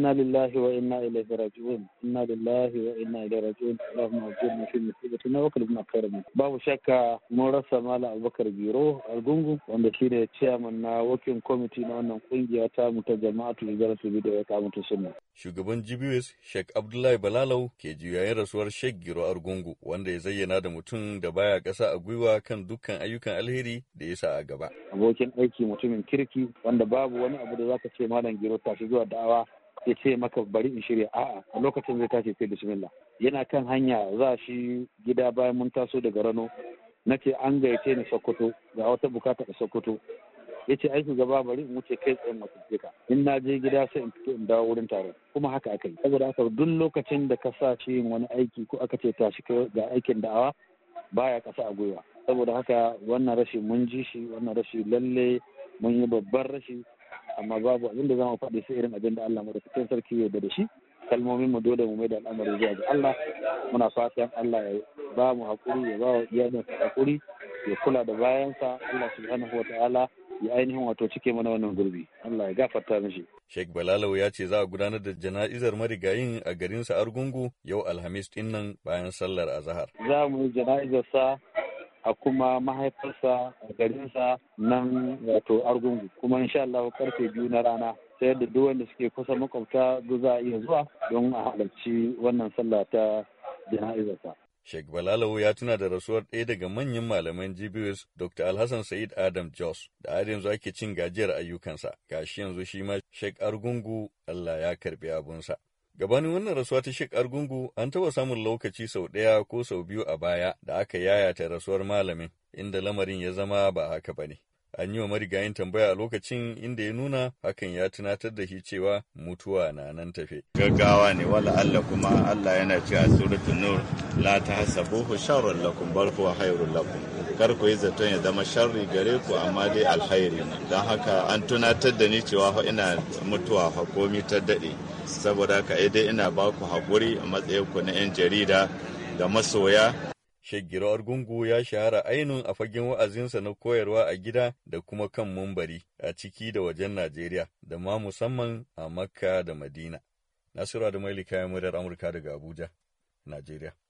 إنا لله وإنا إليه راجعون إنا لله وإنا إليه راجعون اللهم أجرنا في مصيبتنا وقلبنا خير منها babu shakka mun rasa mala abubakar biro argungu wanda shi ne ciyaman na wakin kwamiti na wannan kungiya ta mu ta jama'atu idaratu da ya kama ta shugaban GBS Sheikh Abdullahi Balalau ke juyayin rasuwar Sheikh Giro Argungu wanda ya zayyana da mutum da baya kasa a gwiwa kan dukkan ayyukan alheri da ya sa a gaba abokin aiki mutumin kirki wanda babu wani abu da zaka ce malam Giro fi zuwa da'awa ya ce maka bari in shirya a'a a lokacin zai tashi sai bismillah yana kan hanya za shi gida bayan mun taso daga rano na ce an gayyace ni sokoto ga wata bukata da sokoto ya ce aiki gaba bari in wuce kai tsayin masu jika in na je gida sai in fito in dawo wurin taron kuma haka aka yi saboda haka duk lokacin da ka sa shi yin wani aiki ko aka ce tashi ga aikin da'awa baya kasa a gwiwa saboda haka wannan rashi mun ji shi wannan rashi lalle mun yi babban rashi amma babu abin da za mu faɗi sai irin abin da Allah madaukakin sarki ya da shi kalmomin mu dole mu mai da al'amari zuwa ga Allah muna fatan Allah ya ba mu hakuri ya ba wa sa hakuri ya kula da bayansa Allah subhanahu wa ta'ala ya ainihin wato cike mana wannan gurbi Allah ya gafarta mishi Sheikh Balalau ya ce za a gudanar da jana'izar marigayin a garin sa Argungu yau Alhamis din bayan sallar azahar za mu yi jana'izar sa a kuma mahaifarsa a garinsa nan wato argungu kuma insha Allah karfe biyu na rana ta da duk wanda suke kusa makwabta duk za a iya zuwa don a halarci wannan sallah ta jana'izarsa. Sheikh Balalawo ya tuna da rasuwar ɗaya daga manyan malaman GBS Dr. Alhassan Sa'id Adam Jos da har yanzu ake cin gajiyar ayyukansa. Gashi yanzu shi ma Sheikh Argungu Allah ya karbi abunsa. Gabanin wannan rasuwa ta Sheikh Argungu an taɓa samun lokaci sau ɗaya ko sau biyu a baya da aka yayata rasuwar malamin, inda lamarin ya zama ba haka ba ne. An yi wa marigayin tambaya a lokacin inda ya nuna hakan ya tunatar da shi cewa mutuwa na nan tafe. Gaggawa ne wala Allah kuma Allah yana a suratun nur la ta tahsabuhu sharran lakum bal huwa khairul lakum. Kar ku yi zaton ya zama sharri gare ku amma dai alkhairi ne. Don haka an tunatar da ni cewa ina mutuwa fa ta dade. Saboda haka eh dai ina baku ku haƙuri a matsayin ku na 'yan jarida da masoya Shaggiro Gungu ya shahara ainun a fagen wa'azinsa na koyarwa a gida da kuma kan mumbari a ciki da wajen Najeriya da ma musamman a Makka da Madina. Nasiru Adamu Elika ya murar Amurka daga Abuja, Najeriya.